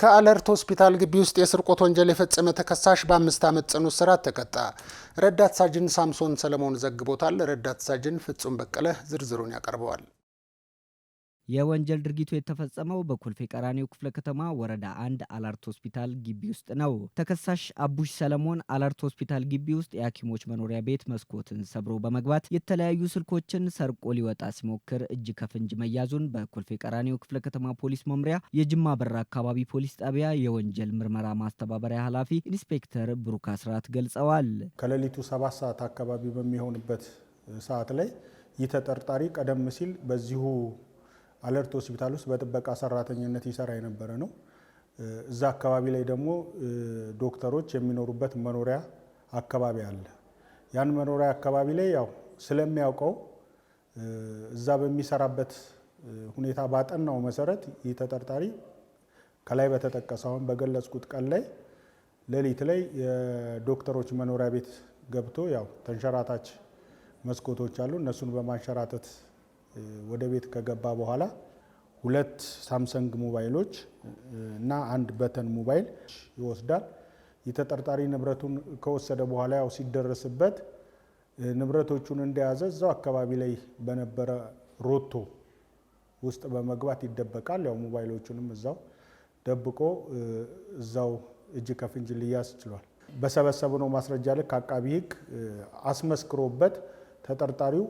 ከአለርት ሆስፒታል ግቢ ውስጥ የስርቆት ወንጀል የፈጸመ ተከሳሽ በአምስት ዓመት ጽኑ እስራት ተቀጣ። ረዳት ሳጅን ሳምሶን ሰለሞን ዘግቦታል። ረዳት ሳጅን ፍጹም በቀለ ዝርዝሩን ያቀርበዋል። የወንጀል ድርጊቱ የተፈጸመው በኮልፌ ቀራኒዮ ክፍለ ከተማ ወረዳ አንድ አላርት ሆስፒታል ግቢ ውስጥ ነው። ተከሳሽ አቡሽ ሰለሞን አላርት ሆስፒታል ግቢ ውስጥ የሐኪሞች መኖሪያ ቤት መስኮትን ሰብሮ በመግባት የተለያዩ ስልኮችን ሰርቆ ሊወጣ ሲሞክር እጅ ከፍንጅ መያዙን በኮልፌ ቀራኒዮ ክፍለ ከተማ ፖሊስ መምሪያ የጅማ በራ አካባቢ ፖሊስ ጣቢያ የወንጀል ምርመራ ማስተባበሪያ ኃላፊ ኢንስፔክተር ብሩክ አስራት ገልጸዋል። ከሌሊቱ ሰባት ሰዓት አካባቢ በሚሆንበት ሰዓት ላይ ይህ ተጠርጣሪ ቀደም ሲል በዚሁ አለርት ሆስፒታል ውስጥ በጥበቃ ሰራተኝነት ይሰራ የነበረ ነው። እዛ አካባቢ ላይ ደግሞ ዶክተሮች የሚኖሩበት መኖሪያ አካባቢ አለ። ያን መኖሪያ አካባቢ ላይ ያው ስለሚያውቀው እዛ በሚሰራበት ሁኔታ ባጠናው መሰረት ይህ ተጠርጣሪ ከላይ በተጠቀሰ አሁን በገለጽኩት ቀን ላይ ሌሊት ላይ የዶክተሮች መኖሪያ ቤት ገብቶ ያው ተንሸራታች መስኮቶች አሉ እነሱን በማንሸራተት ወደ ቤት ከገባ በኋላ ሁለት ሳምሰንግ ሞባይሎች እና አንድ በተን ሞባይል ይወስዳል። የተጠርጣሪ ንብረቱን ከወሰደ በኋላ ያው ሲደረስበት ንብረቶቹን እንደያዘ እዛው አካባቢ ላይ በነበረ ሮቶ ውስጥ በመግባት ይደበቃል። ያው ሞባይሎቹንም እዛው ደብቆ እዛው እጅ ከፍንጅ ሊያዝ ችሏል። በሰበሰብነው ማስረጃ ልክ አቃቢ ሕግ አስመስክሮበት ተጠርጣሪው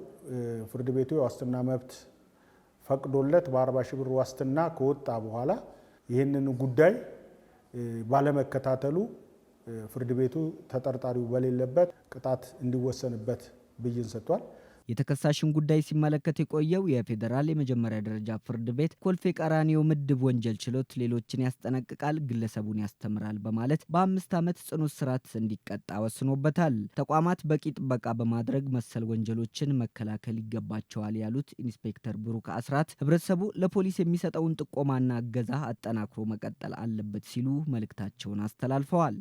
ፍርድ ቤቱ የዋስትና መብት ፈቅዶለት በአርባ ሺህ ብር ዋስትና ከወጣ በኋላ ይህንን ጉዳይ ባለመከታተሉ ፍርድ ቤቱ ተጠርጣሪው በሌለበት ቅጣት እንዲወሰንበት ብይን ሰጥቷል። የተከሳሽን ጉዳይ ሲመለከት የቆየው የፌዴራል የመጀመሪያ ደረጃ ፍርድ ቤት ኮልፌ ቀራኒዮ ምድብ ወንጀል ችሎት ሌሎችን ያስጠነቅቃል፣ ግለሰቡን ያስተምራል በማለት በአምስት ዓመት ጽኑ እስራት እንዲቀጣ ወስኖበታል። ተቋማት በቂ ጥበቃ በማድረግ መሰል ወንጀሎችን መከላከል ይገባቸዋል ያሉት ኢንስፔክተር ብሩክ አስራት ህብረተሰቡ ለፖሊስ የሚሰጠውን ጥቆማና እገዛ አጠናክሮ መቀጠል አለበት ሲሉ መልእክታቸውን አስተላልፈዋል።